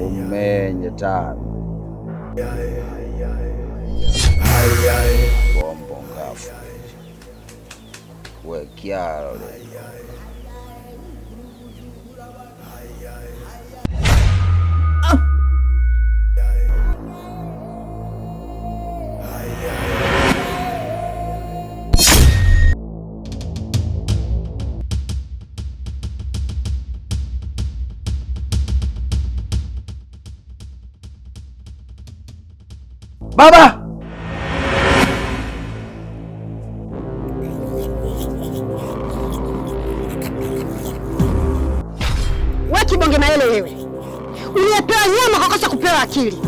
umenye tano bombo ngafu wekyalo Baba! kibonge maele wewe, uliyepewa nyama kakosa kupewa akili.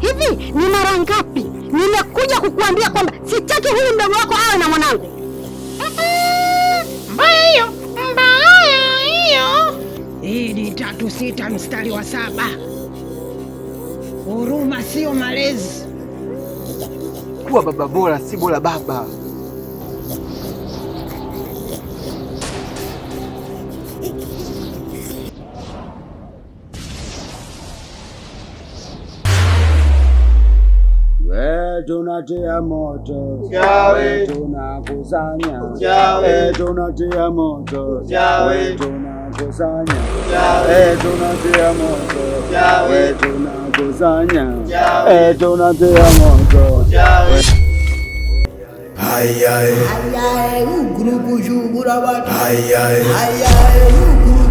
Hivi ni mara ngapi nimekuja kukuambia kwamba sitaki huyu mdogo wako awe na mwanangu? Mbaya hiyo, mbaya hiyo. Hii ni tatu sita mstari wa saba. Huruma sio malezi kuwa baba bora, si bora baba. tunatia moto, kusanya yawe eh, tunatia moto yawe eh, tunakusanya yawe eh, tunatia moto yawe tunakusanya yawe tunatia moto yawe ayaye ayaye ugrupu jubura bana ayaye ayaye ugrupu